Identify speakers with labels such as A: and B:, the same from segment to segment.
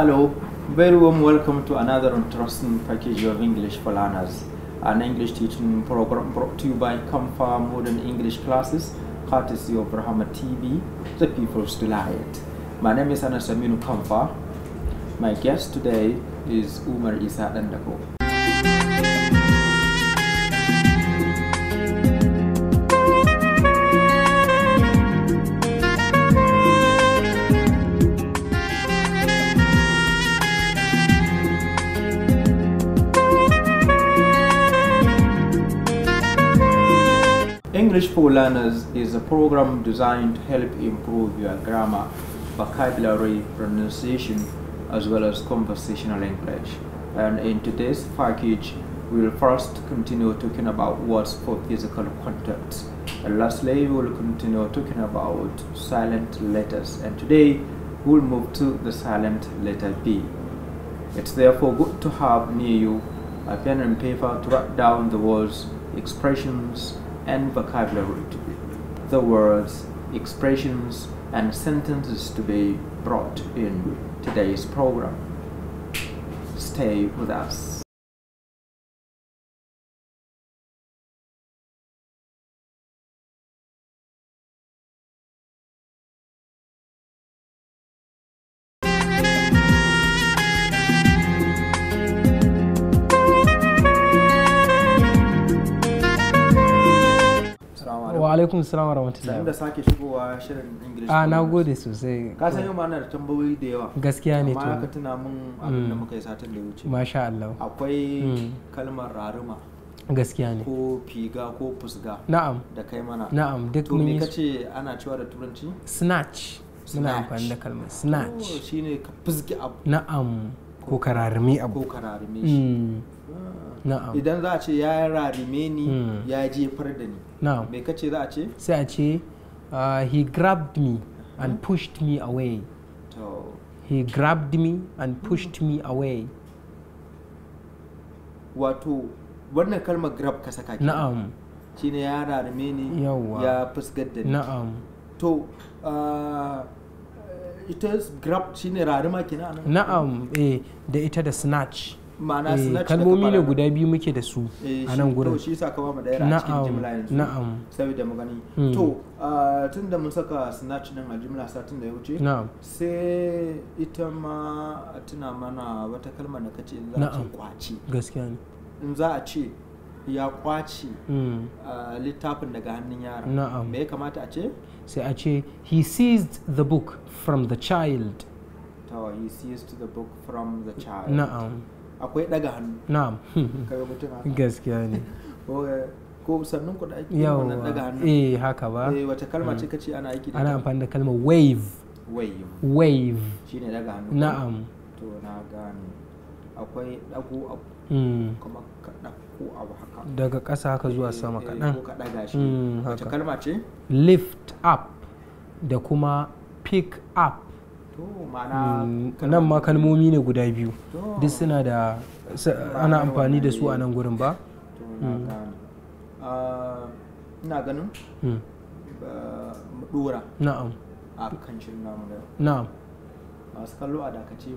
A: Hello,
B: very warm welcome to another interesting package of English for Learners, an English teaching program brought to you by Comfort Modern English Classes, courtesy of Rahama TV, the people's delight. My name is Anasaminu Kamfa. My guest today is Umar Isa Dandako. English for Learners is a program designed to help improve your grammar, vocabulary, pronunciation, as well as conversational English. And in today's package, we'll first continue talking about words for physical contact. And lastly, we'll continue talking about silent letters. And today, we'll move to the silent letter B. It's therefore good to have near you a pen and paper to write down the words, expressions, and vocabulary to be, the words, expressions, and sentences to be brought in today's program. Stay with us.
A: alaikum salam wa rahmatullahi da sake shigowa
B: shirin english ah na gode sosai ka san yau mana da tambayoyi da yawa gaskiya ne to amma ka tuna mun abin da mm. muka yi satin da wuce masha Allah akwai mm. kalmar raruma gaskiya ne ko figa ko fusga na'am da kai mana na'am duk mun yi kace ana cewa da turanci
A: snatch muna amfani da kalmar snatch oh,
B: shine ka fusge abu
A: na'am ko ka abu
B: ko ka shi
A: mm. ah. na'am idan
B: za a ce ya rarime ni ya jefar da ni na'am me kace za a ce
A: sai a ce uh, he grabbed me and hmm? pushed me away to he grabbed me and pushed me away
B: wato wannan kalmar grab ka saka na'am shine ya rarame ni ya fusgar da ni na'am to uh, ita grab shine rarima kenan
A: na'am eh da ita da snatch ma'ana eh, suna snatch kalmomi ne guda biyu muke da su eh, a nan gurin to shi sa ka ba mu daya a cikin jimla yanzu na'am
B: saboda mu gani hmm. to tun da mun saka snatch din a jimla satin da ya wuce na'am sai ita ma tuna mana wata kalma da kace in za a ce kwaci gaskiya ne in za a ce ya kwace hmm. littafin daga hannun yara na'am me ya kamata a ce
A: sai a ce he seized the book from the child
B: he seized the book from the child na'am akwai daga hannu na'am kaga mutum haka
A: gaskiya ne
B: ko sannan ku da ake yi wannan daga hannu eh haka ba eh wace kalma ce mm. kace ana aiki ana
A: amfani da kalmar wave wave wave shine daga hannu na'am
B: to na gane akwai dago abu mm. kuma ka dauko abu haka
A: daga ƙasa haka zuwa eh, sama eh, kaɗan ko ka daga shi mm, wace kalma ce lift up da kuma pick up
B: Mm,
A: nan ma kalmomi ne guda biyu duk suna da ana amfani da su a nan gurin ba mm.
B: ah, ina ganin dora mm. ah, na'am a kancin namu da na'am masu kallo a dakace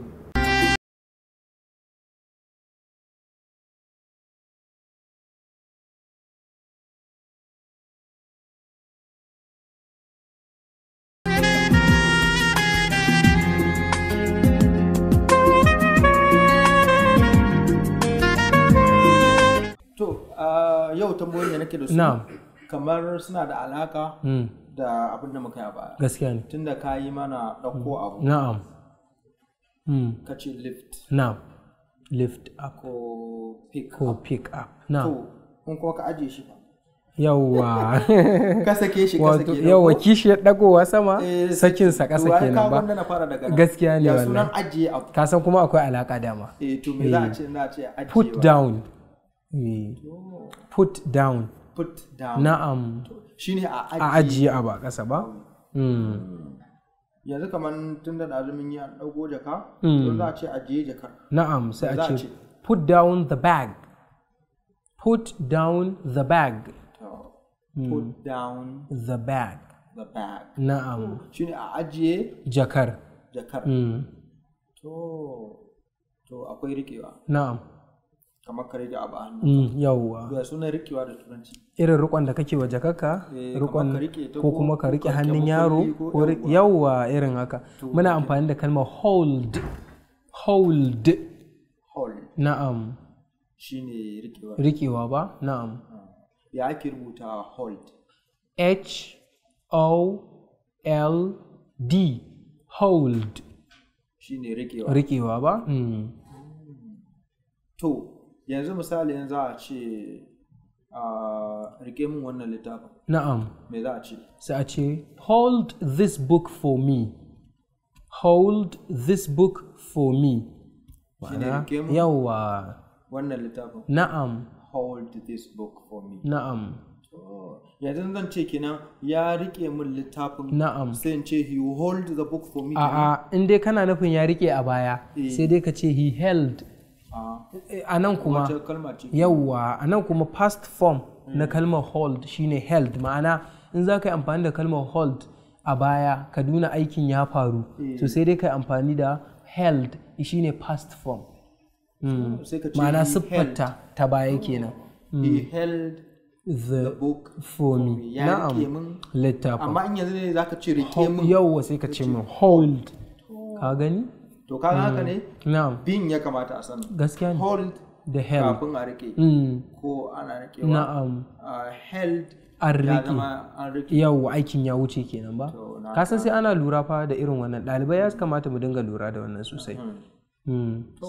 B: kake da su kamar suna da alaka hmm. da abin da muka yi a baya gaskiya ne tunda ka yi mana ɗauko hmm. abu
A: na'am hmm. ka ce lift na'am lift up ko pick ko pick up na'am
B: kun kuma ka ajiye shi ba
A: yawwa ka sake shi ka sake yawwa kishi ya dagowa sama sakin sa kasa ne ba gaskiya ne wannan sunan ajiye abu ka san kuma akwai alaka dama eh to me za a eh. ce na ce ajiye put down eh. put down
B: put down na'am ne a ajiye a ba
A: ƙasa ba hmm.
B: yanzu kamar tun da azumin yi a ɗago jaka hmm. to za a ce ajiye jakar
A: na'am sai a ce put down the bag put down the bag hmm. put
B: down the bag the bag
A: na'am
B: shine a ajiye
A: jakar jakar
B: to to akwai riƙewa na'am kamar ka rike abu a hannu mm, yawwa ya sunan rikewa da turanci
A: irin rikon da kake wa jakarka eh, rikon ko kuma ka rike hannun yaro ko yawwa irin haka muna amfani da kalmar hold hold hold na'am
B: shine rikewa rikewa
A: ba na'am
B: ah. ya ake rubuta hold
A: h o l d hold
B: shine rikewa rikewa
A: ba mm.
B: to yanzu misali yanzu a ce a rike min wannan littafin na'am me za a ce
A: sai a ce hold this book for me hold this book for me ma'ana yawwa wannan littafin na'am hold this book for me na'am
B: yanzu zan ce kenan ya rike min littafin na'am sai in ce he hold the book for me a'a
A: in dai kana nufin ya rike a baya eh. sai dai ka ce he held
B: a nan kuma yawwa
A: a nan kuma past form hmm. na kalmar hold shine held ma'ana in za ka yi amfani da kalmar hold a baya ka nuna aikin ya faru eh. to sai dai ka yi amfani da held shine past form hmm. Hmm, ma'ana siffarta ta baya kenan he held the book for me na'am littafin amma in yanzu ne za ka ce rike min yawwa sai ka ce min hold ka gani to kaga haka hmm. ne
B: bin ya kamata a sani
A: gaskiya hold the hell kafin
B: a rike hmm. ko ana rikewa na'am held an
A: rike yau aikin ya wuce kenan ba kasan sai ana lura fa da irin wannan ɗalibai ya kamata mu dinga lura da wannan sosai hmm.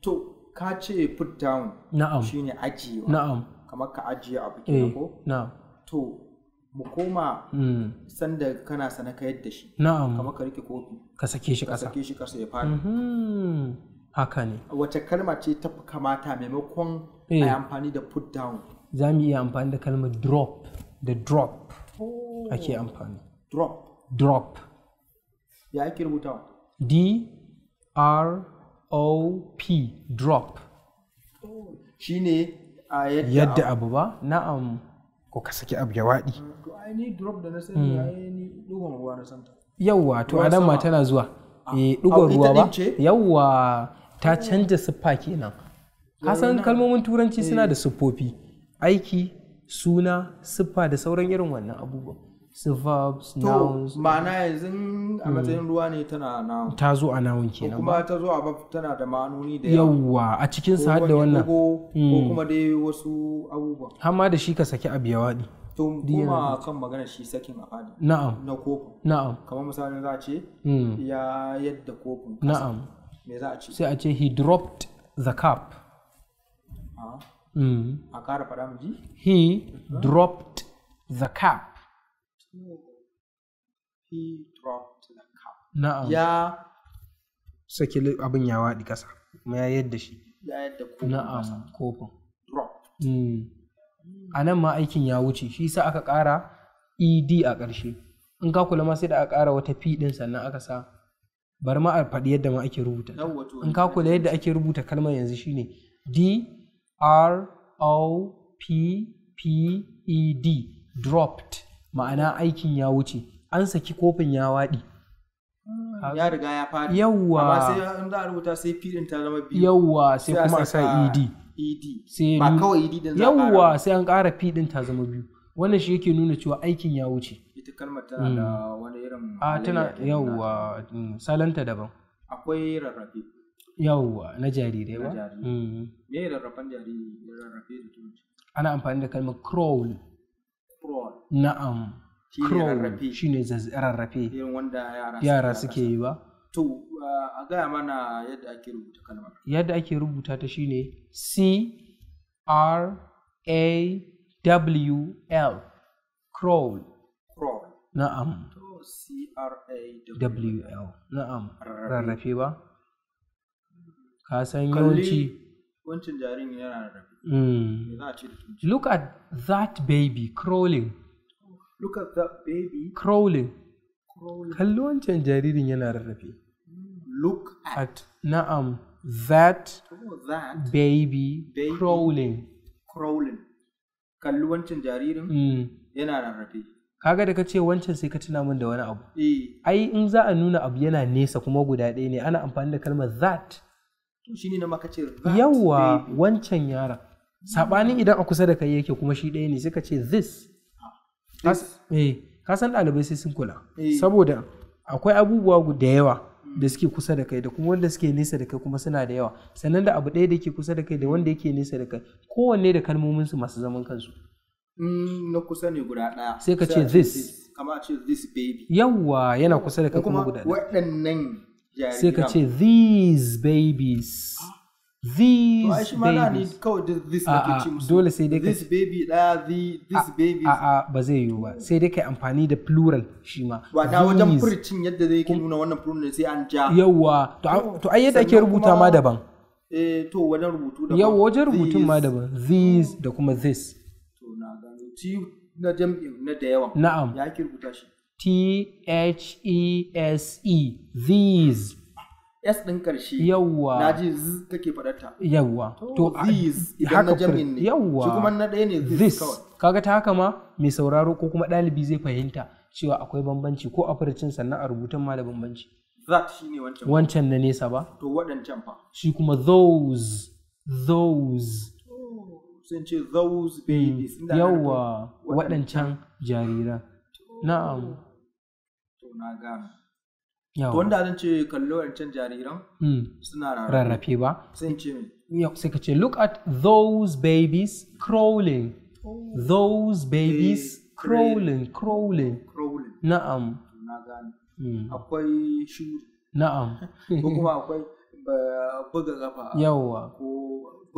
B: to ka ce put down na'am shine ajiyewa na'am kamar ka ajiye abu kenan eh, ko na'am to mu koma hmm. sanda kana sana ka yadda shi na'am kamar ka rike kofi
A: ka sake shi kasa sake shi kasa ya fara mm-hmm. haka ne
B: wace kalma ce ta kamata maimakon a yi eh. amfani da put down
A: za mu iya amfani da kalmar drop da drop
B: oh. ake
A: amfani drop drop
B: ya ake rubuta
A: d r o p drop oh. shine
B: a yadda
A: abu ba na'am ko ka saki abu ya waɗi.
B: To
A: Yawwa hmm. to a ma tana zuwa. Ah. Eh dugon ruwa ba. Yawwa ta canja siffa kenan.
B: Ka san kalmomin turanci suna da eh.
A: siffofi. Aiki, suna, siffa da sauran irin wannan abubuwan. su verbs nouns ma'ana
B: yanzu a matsayin ruwa ne tana noun ta
A: zo a noun kenan kuma
B: ta zo a verb tana da ma'anoni da yawa
A: a cikin sa har da wannan ko hmm. kuma
B: dai wasu abubuwa
A: har ma da shi ka saki abu yawadi to kuma
B: kan magana shi sakin a fadi na'am na kofin na'am kamar misalin za a ce hmm. ya yadda kofin na'am me za a ce sai
A: a ce he dropped the cup ah. hmm.
B: a kara faɗa mu ji
A: he dropped the cup
B: he dropped the cup
A: na'am ya abin ya waɗi ƙasa kuma ya yadda shi ya yadda kofin na'am kofin drop mm. a nan ma aikin ya wuce shi sa aka ƙara ed a ƙarshe in ka kula ma sai da aka ƙara wata p ɗin sannan aka sa bari ma a faɗi yadda ma ake rubuta in ka kula yadda ake rubuta kalmar yanzu shine d r o p p e d dropped ma'ana aikin ya wuce an saki kofin ya waɗi ya riga ya fara yawwa amma sai
B: in za a rubuta sai pidin ta
A: zama biyu yawwa sai kuma a sa ed ed sai ba kawai ed din za a yawwa sai an ƙara pidin ta zama biyu wannan shi yake nuna cewa aikin ya wuce ita
B: kalmar tana da mm. wani irin a tana yawwa
A: mm, salanta daban
B: akwai rarrafe
A: yawwa na jarire ba mm.
B: me rarrafen jariri rarrafe da tunci
A: ana amfani da kalmar crawl na'am crawl ne rarrafe yara suke yi ba
B: to a gaya mana yadda ake rubuta kalmar
A: yadda ake rubuta ta shine c r a w l crawl crawl na'am
B: c r a w l
A: na'am rarrafe ba ka san yawanci
B: wancan yana hmm.
A: look at that baby crawling
B: look at that baby
A: crawling kallo wancan jaririn yana rarrafe look at na'am that oh, baby crawling
B: crawling kalli wancan jaririn hmm. yana rarrafe
A: kaga da ka ce wancan sai ka tuna min da wani abu eh. ai in za a nuna abu yana nesa kuma guda ɗaya ne ana amfani da kalmar that
B: shine na
A: yawa wancan yara sabanin idan a kusa da kai yake kuma shi ɗaya ne suka ce this eh, ka san ɗalibai sai sun kula eh. saboda akwai abubuwa da yawa da suke kusa da kai da kuma wanda suke nesa da kai kuma suna da yawa sannan da abu ɗaya da ke kusa da kai da wanda yake nesa da kai kowanne da kalmominsu masu zaman kansu
B: mm, na kusa ne guda ɗaya sai ka ce this kama ce this baby
A: yawwa yana kusa da kai kuma guda ɗaya
B: waɗannan sai ka ce
A: these babies these dole sai dai this baby da this ba zai yiwu ba sai dai kai amfani da plural shi ma wata wajen furcin yadda zai ke rubuta ma daban
B: eh wajen rubutun ma
A: daban these da kuma this na'am T H E S E these
B: S ɗin ƙarshe yawwa na ji z kake faɗarta yawwa to these idan na jam'in ne yawwa shi kuma na ɗaya ne this
A: kaga ta haka ma mai sauraro ko kuma ɗalibi zai fahimta cewa akwai bambanci ko a furucin sannan a rubutun ma da bambanci that shi ne wancan wancan na nesa ba
B: to waɗancan fa
A: shi kuma those those
B: sun ce those babies
A: yawwa waɗancan jariran na'am
B: to kallo jariran hmm. suna rarrafe ba sai ce
A: ka ce look at those babies crawling oh. those babies eh, crawling crawling crawling na'am hmm. na'am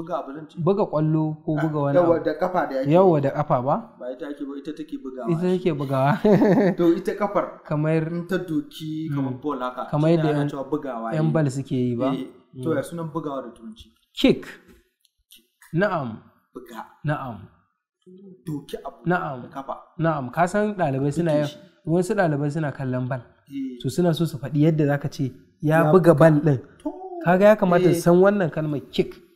A: buga abu zan buga kwallo ko buga wani yawa da
B: kafa da yake yawa da kafa ba ba ita ake ba ita take bugawa ita
A: take bugawa to ita kafar kamar in ta doki kamar hmm. ball haka kamar yadda ana cewa bugawa yan bal suke yi ba eh, to ya hmm. sunan
B: bugawa da turanci
A: kick na'am buga na'am doki abu na'am kafa na'am ka san dalibai suna yin wasu dalibai suna kallon bal eh. to suna so su faɗi yadda zaka ce ya buga bal din kaga ya kamata eh. san wannan kalmar kick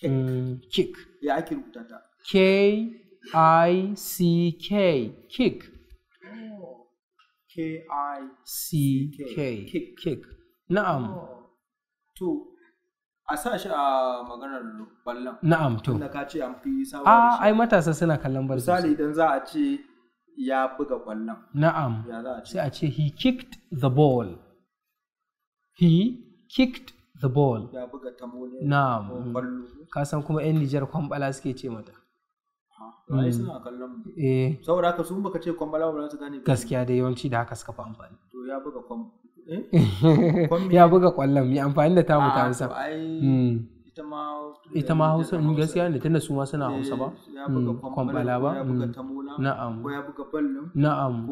A: Kick. Eh, kick.
B: Ya ake rubuta ta?
A: K-I-C-K. Kick. K-I-C-K. Kick. Kick. Na'am. Oh. To,
B: a sa shi a maganar ballon. Na'am to. Tunda ka ce an fi sawa ah, da ai
A: matasa suna kallon ballon. Misali
B: idan za a ce ya buga ballon.
A: Na'am. Ya za a ce. Sai a ce he kicked the ball. He kicked the ball ya
B: buga ta mm.
A: ka san kuma yan Nijar kwambala suke ce mata
B: mm. eh saboda haka sun baka ce kwambala ba su gane gaskiya
A: da yawanci da haka suka fi amfani
B: to ya buga kwam eh?
A: ya buga kwallon mai amfani da tamu ta ah, mm. Hausa ita ma hausa in gaskiya ne tana su ma suna hausa ba eh, kwambala ba na'am ko ya
B: buga ballon na'am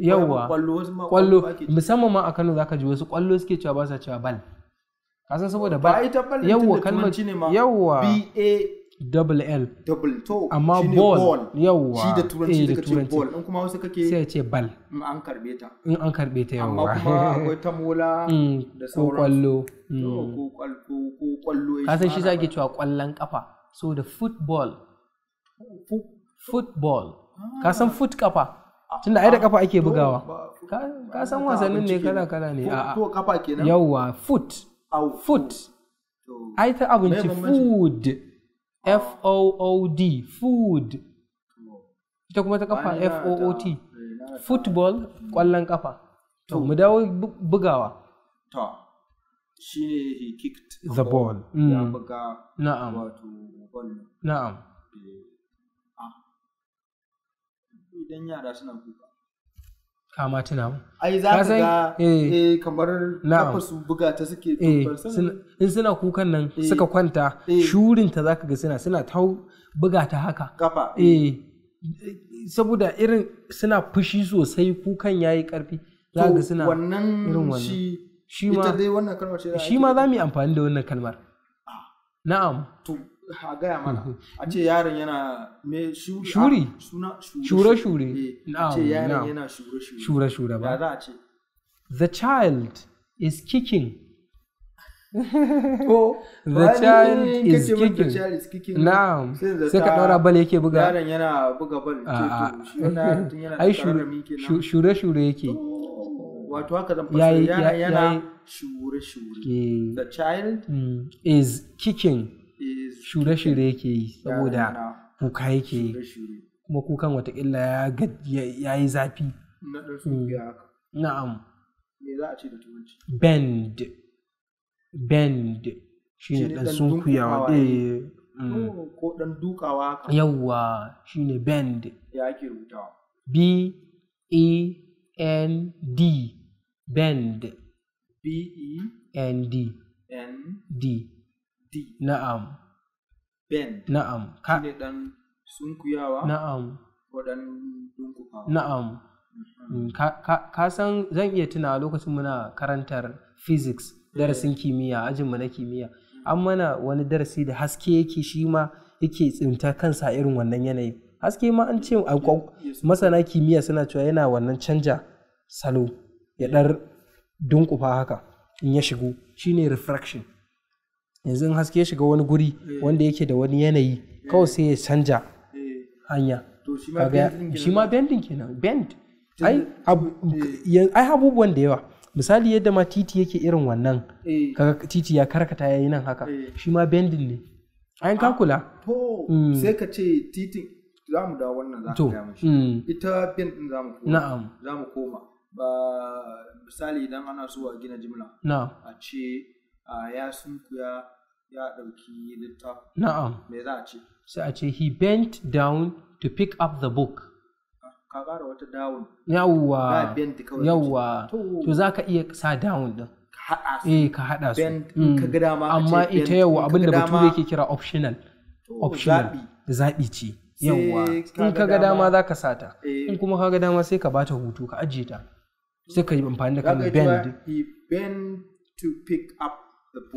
B: yawwa kwallo
A: musamman ma a Kano zaka ji wasu kwallo suke cewa ba sa cewa bal kasan saboda ba ita bal yawwa kalmar yawwa b a double L. Double to. Amma ball. Yawwa. Shi da turanci eh, da kace ball. In kuma wasu kake. Sai ya ce bal.
B: In an karbe ta.
A: In an karbe ta yawwa. Amma kuma akwai ta mola. Mm, da sauran. Mm. Ko kwallo. Ko
B: kwallo. Ko kwallo. Kasan shi zage
A: cewa kwallon kafa. So da football. Football. Ah. Kasan foot kafa. tunda ai da kafa ake bugawa ka san wasannin ne kala kala ne a to kafa kenan yawa foot foot ai ta abinci food f o o d food ita kuma ta kafa f o o t football kwallon kafa to mu dawo bugawa
B: to shine he kicked the ball ya mm. buga na'am na'am eh, idan yara suna kuka
A: kama tuna mu
B: ai za ka ga eh, eh kamar kafa su buga ta suke eh,
A: in suna kukan nan eh. suka kwanta shurin ta zaka ga suna suna ta buga ta haka kafa eh saboda irin suna fushi sosai kukan yayi karfi za ga suna wannan irin wannan shi ma ita dai wannan kalmar ce shi ma za mu yi amfani da wannan kalmar ah. na'am
B: to a gaya mana a ce yaron yana me shuri ah, suna shure shure eh, a ce yaron yana shure shure ba za a ce
A: the child is kicking ko the child is kicking na'am sai ka daura bal yake buga yaron
B: yana buga bal ke ah, ah, shi
A: ai shure shure yake
B: wato haka zan fasara yana yana shure shure the child
A: mm, is kicking shure-shure yake yi saboda kuka yake yi kuma kukan watakila ya yi zafi hmm. na'am za a ce da bend bend shi ne ɗan sunkuyawa eh, hmm. oh, ko dan dukawa yawwa shi ne bend ya ake rubutawa b e n d bend b e n d n d d na'am bend na'am
B: ka ne dan sunkuyawa na'am ko dan dunkukawa na'am
A: mm-hmm. ka san zan iya tuna lokacin muna karantar physics eh. darasin kimiyya ajin mu na kimiyya mm-hmm. an mana wani darasi da haske yake shi ma yake tsinta kansa irin wannan yanayi haske ma an ce masana kimiyya suna cewa yana wannan canja salo ya dar dunkufa haka in ya shigo shine refraction yanzu in haske shiga wani guri eh. wanda yake da wani yanayi kawai sai ya canja eh. hanya shi ma bendin kenan bend eh. ai abubuwan da yawa misali yadda ma titi yake irin wannan kaga titi ya karkata yayi nan haka shi ma bendin ne an ka ah, kula to mm. sai
B: ka ce titin za mu da wannan za ka mishi mm. ita bend din za mu koma na'am za mu koma ba misali idan ana so a gina jimla na'am a ce ya sunkuya ya ɗauki littafi. Na'am. Me za a ce?
A: Sai a ce he bent down to pick up the book.
B: Ah, ka ƙara wata down.
A: Yawwa. Yawwa. To za ka iya sa down din. Ka haɗa su. Eh ka haɗa su. Bend mm. ka ga dama. Amma ita yawwa abinda bature yake kira optional. Optional. Zaɓi ce. Yawwa. In ka ga dama za ka sata. Eh. In kuma ka ga dama sai ka bata hutu ka ajiye ta. Sai ka yi amfani da kan bend.
B: He bend to pick up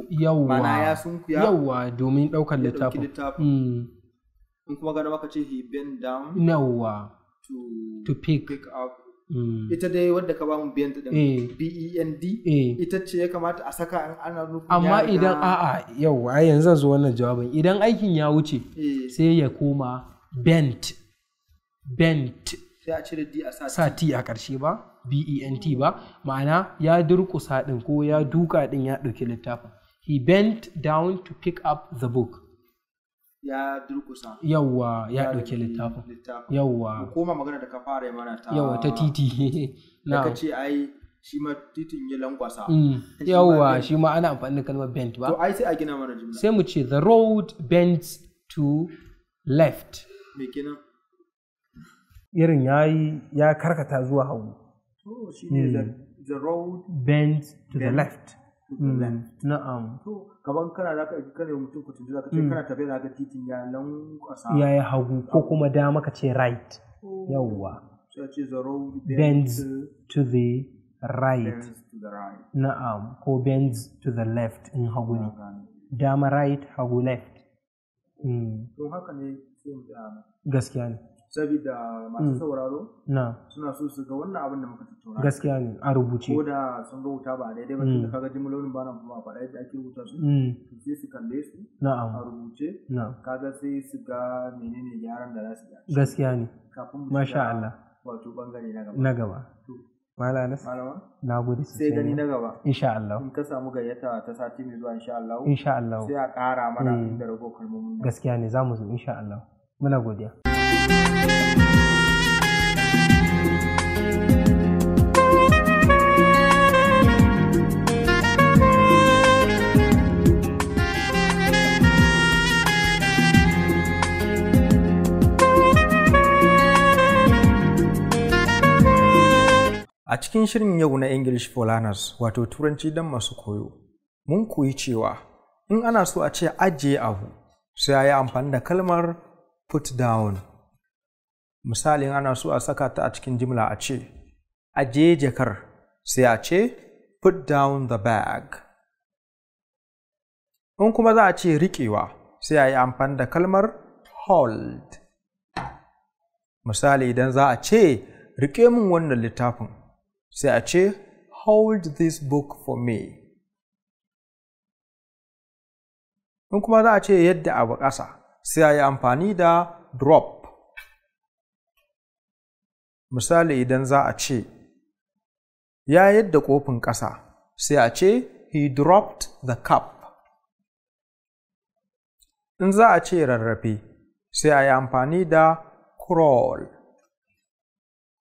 B: yawwa ya sunkuya yawwa
A: domin ɗaukar littafin littafin mm.
B: in kuma gada maka ce he bend
A: down yawwa
B: to to pick, pick up mm. ita dai wadda ka ba mu bend eh. b
A: e n d. Eh.
B: ita ce ya kamata a saka an ana nufin amma idan
A: a'a yawwa a yanzu zo wannan jawabin idan aikin ya wuce eh. sai ya koma bent bent sai a cire d a sa t a ƙarshe ba bent ba ma'ana ya durƙusa ɗin ko ya duka ɗin ya ɗauki littafin he bent down to pick up the book
B: ya durkusa
A: yawwa ya ɗauki littafin
B: yawwa koma magana da ka fara mana ta yawwa ta
A: titi na ka ce
B: ai shi ma titin ya lankwasa mm. yawwa
A: shi ma ana amfani da kalmar bent ba to ai
B: sai a gina mana jumla sai
A: mu ce the road bends to left me kenan irin yayi ya karkata zuwa hagu
B: to shi ne the road
A: bends to the hmm. left na'am
B: kana za ka kana mutum za ka ce hmm. kana tafiya za ka titin ya nan kwasa ya
A: hagu ko kuma dama ka ce right oh. yawwa bends to the right na'am ko bends to the left in hagu ne dama right hagu left hmm. to haka ne gaskiya ne
B: sabida masu hmm. sauraro suna so su ga wannan abin da muka tattauna gaskiya
A: ne a rubuce ko
B: da sun rubuta ba daidai ba hmm. tunda kaga jimlolin ba nan kuma faɗa yadda ake rubuta su hmm. to sai su kalle su a rubuce kaga sai su ga menene gyaran da za su
A: ga gaskiya ne kafin mu masha Allah
B: wato bangare na gaba na gaba
A: Malanas. Malama. Na gode sosai. Sai gani na gaba. Insha Allah. In ka
B: samu gayyata ta sati mai zuwa insha Allah. Insha
A: Allah. Sai a ƙara mana inda rago kalmomin Gaskiya ne zamu zo insha Allah. Muna godiya.
B: A cikin shirin yau na English for Learners wato Turanci don masu koyo, mun koyi cewa in ana so a ce ajiye abu sai a yi amfani da kalmar put down. misalin ana so a saka ta a cikin jimla a ce aje jakar sai a ce put down the bag in kuma za a ce riƙewa sai a yi amfani da kalmar hold misali idan za a ce riƙe min wannan littafin sai a ce hold this book for me in kuma za a ce yadda a buƙasa sai a yi amfani da drop misali idan za a ce ya yadda kofin ƙasa sai a ce he dropped the cup in za a ce rarrafe sai a yi amfani da crawl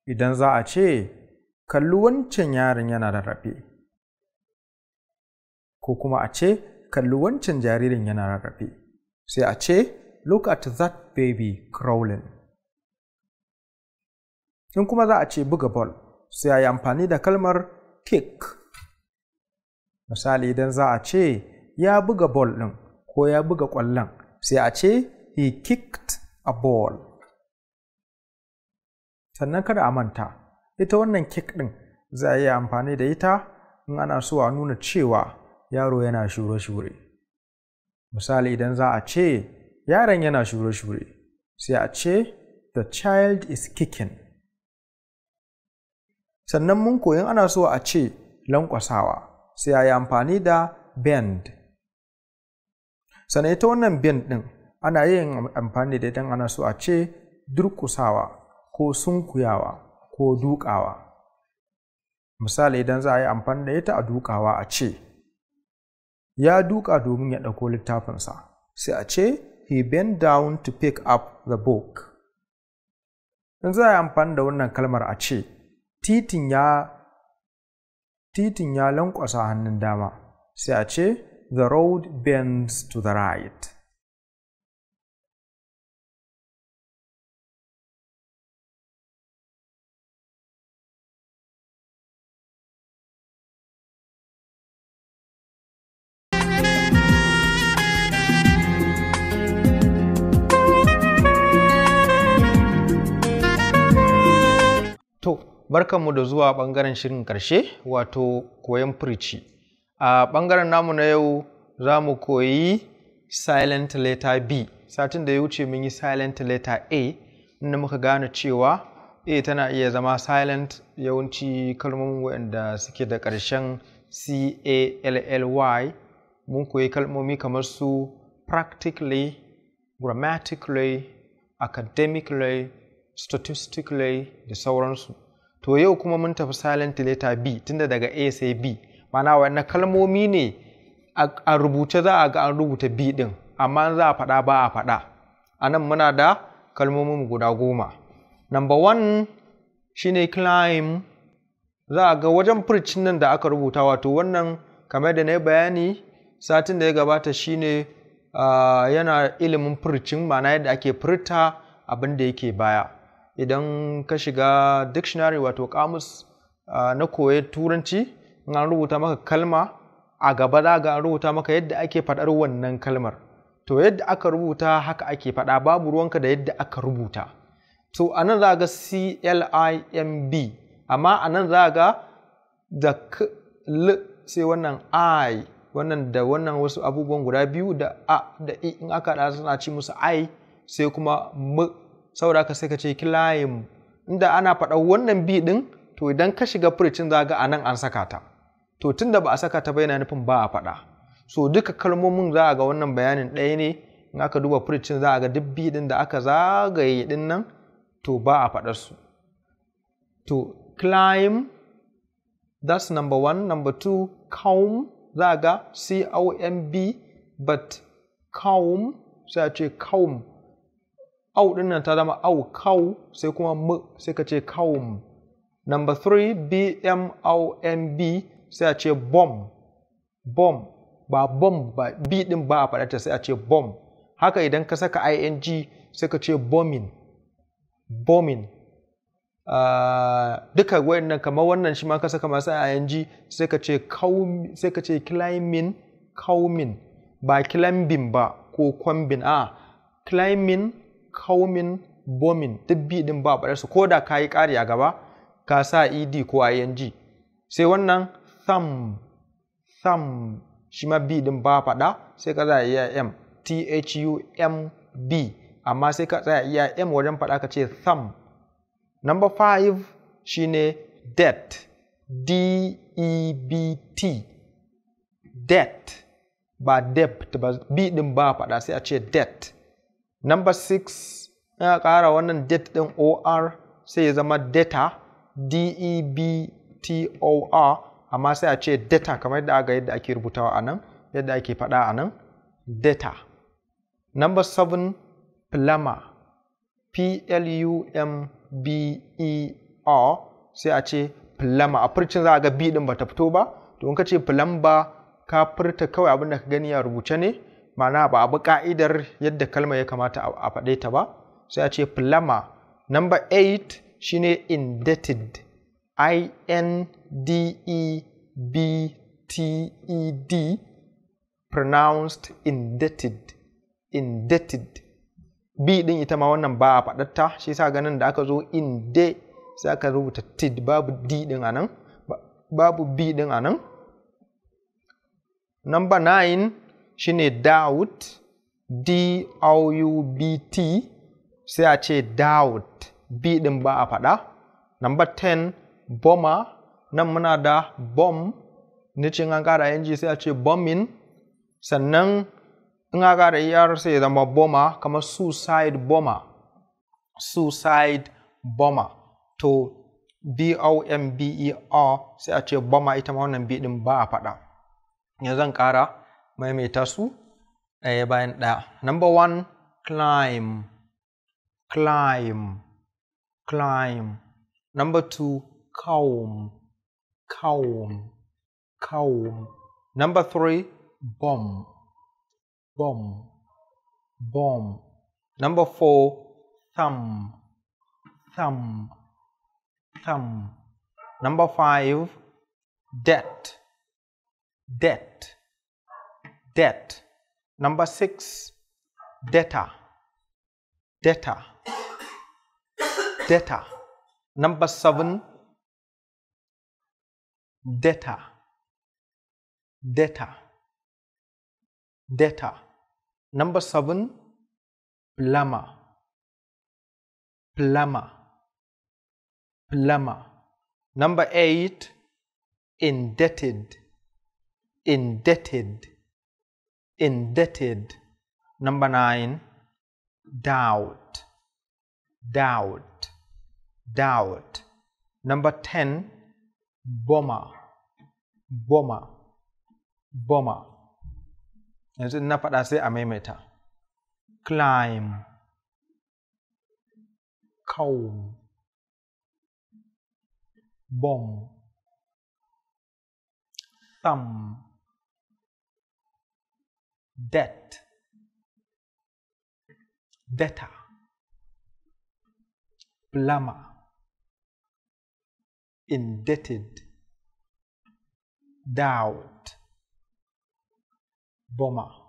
B: idan za a ce kalli wancan yaron yana rarrafe ko kuma a ce kalli wancan jaririn yana rarrafe sai a ce look at that baby crawling in kuma za a ce buga ball sai a yi amfani da kalmar kick misali idan za a ce ya buga ball ɗin ko ya buga kwallon, sai a ce he kicked a ball sannan kada a manta ita wannan kick ɗin za a yi amfani da ita in ana so a nuna cewa yaro yana shure-shure misali idan za a ce yaron yana shure-shure sai a ce the child is kicking sannan mun koyi ana so a ce lankwasawa sai a yi amfani da bend sannan ita wannan bend ɗin ana yin amfani da idan ana so a ce durkusawa ko sunkuyawa ko dukawa misali idan za a yi amfani da ita a dukawa a ce ya duka domin ya ɗauko littafinsa sai a ce he bent down to pick up the book in za a yi amfani da wannan kalmar a ce titin ya titin ya lankwasa hannun dama sai a ce the road bends to the right To, barkanmu da zuwa ɓangaren shirin ƙarshe wato koyon furici a ɓangaren namu na yau za mu koyi silent letter b satin da ya wuce mun yi silent letter a inda muka gane cewa a tana iya zama silent yawanci kalmomin waɗanda suke da ƙarshen c-a-l-l-y mun koyi kalmomi kamar su practically grammatically academically statistically da sauransu to yau kuma mun tafi silent letter b tunda daga a sai b mana wannan kalmomi ne a rubuce za a ga an rubuta b din amma za a faɗa ba a faɗa a nan muna da kalmomin guda goma number one shine climb za a ga wajen furcin nan da aka rubuta wato wannan kamar da na yi bayani satin da ya gabata shine ah, yana ilimin furcin mana yadda ake furta abinda da yake baya idan ka shiga dictionary wato kamus na koye turanci in an rubuta maka kalma a gaba za ga rubuta maka yadda ake faɗar wannan kalmar to yadda aka rubuta haka ake faɗa babu ruwanka da yadda aka rubuta to a nan za ga C-L-I-M-B amma a nan za ga da l sai wannan i wannan da wannan wasu abubuwan guda biyu da a da i e, in aka hada suna ci musu i sai kuma m saboda haka sai ka ce kilayin inda ana faɗa wannan bi ɗin to idan ka shiga firicin za ga anan an saka ta to tunda ba a saka ta ba yana nufin ba a faɗa so duka kalmomin za a ga wannan bayanin ɗaya ne in aka duba firicin za a ga duk bi ɗin da aka zagaye ɗin nan to ba a faɗar su to climb that's number one number two calm za a ga c o m b but calm sai a ce calm au din nan ta zama au kau sai kuma m sai ka ce mu. number three b m o m b sai a ce bomb bomb ba bomb ba b din ba a faɗata sai a ce bomb haka idan ka saka ing sai ka ce bombing bombing uh, ah, duka nan kamar wannan shi ma ka saka masu ing sai ka ce sai ka ce climbing ba climbing ba ko kwambin a ah, climbing kaumin bomin duk bi din ba ɓararsu ko da ka yi ƙari a gaba ka sa ed ko ing sai wannan tham tham shi ma b din ba faɗa sai ka a, iya m t h u m b amma sai ka tsaya iya m wajen faɗa ka ce tham number five shine debt d e b t debt ba debt ba b din ba faɗa sai a ce debt number 6 ya kara wannan date ɗin or sai ya zama data d-e-b-t-o-r amma sai a ce data kamar yadda aga yadda ake rubutawa a nan yadda ake faɗa anan nan data number 7 plumber p-l-u-m-b-e-r sai a ce plumber a furcin za a ga b ɗin bata fito ba to in ka ce plumber ka furta kawai abinda ka gani a rubuce ne ma'ana ba a bi ka'idar yadda kalma ya kamata a faɗe ta ba sai a ce plama number 8 shine indebted i n d e b t e d pronounced indebted indebted b din ita ma wannan ba a faɗatta shi sa ganin da aka zo inde sai aka rubuta tid babu d din anan babu b din anan number 9 shine Dawud D-A-U-B-T sai ace ce Dawud B ɗin ba a faɗa. Number 10 Boma nan muna da bom nicin an ƙara ng sai a ce bombing sannan in aka ƙara er sai ya zama boma kamar suicide boma suicide boma. to B-O-M-B-E-R sai a ce ita ma wannan B ɗin ba a faɗa. Yanzu zan ƙara maimaita su Eh, bayan ɗaya number one climb climb climb number two calm calm calm number three bomb bomb bomb number four thumb thumb thumb number five debt debt debt. Number six, data. Data. Data. Number seven, data. Data. Data. Number seven, plumber. Plumber. Plumber. Number eight, indebted. Indebted indebted. Number nine, doubt, doubt, doubt. Number ten, bomber, bomber, bomber. Yanzu na faɗa sai a maimaita. Climb, comb, bomb, thumb. debt, debtor, plumber, indebted, doubt, bomber.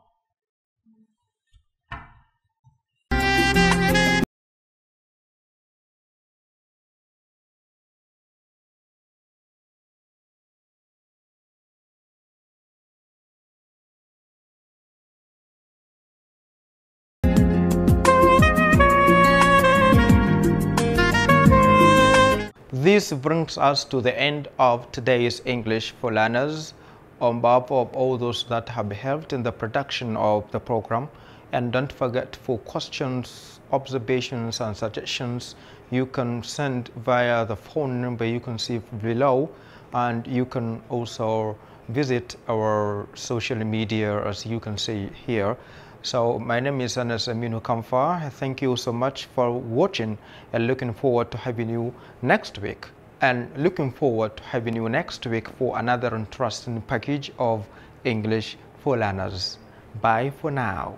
B: This brings us to the end of today's English for Learners. On behalf of all those that have helped in the production of the program, and don't forget for questions, observations and suggestions, you can send via the phone number you can see below and you can also visit our social media as you can see here. So my name is Anas Aminu Kamfa. Thank you so much for watching and looking forward to having you next week. And looking forward to having you next week for another interesting package of English for learners. Bye for now.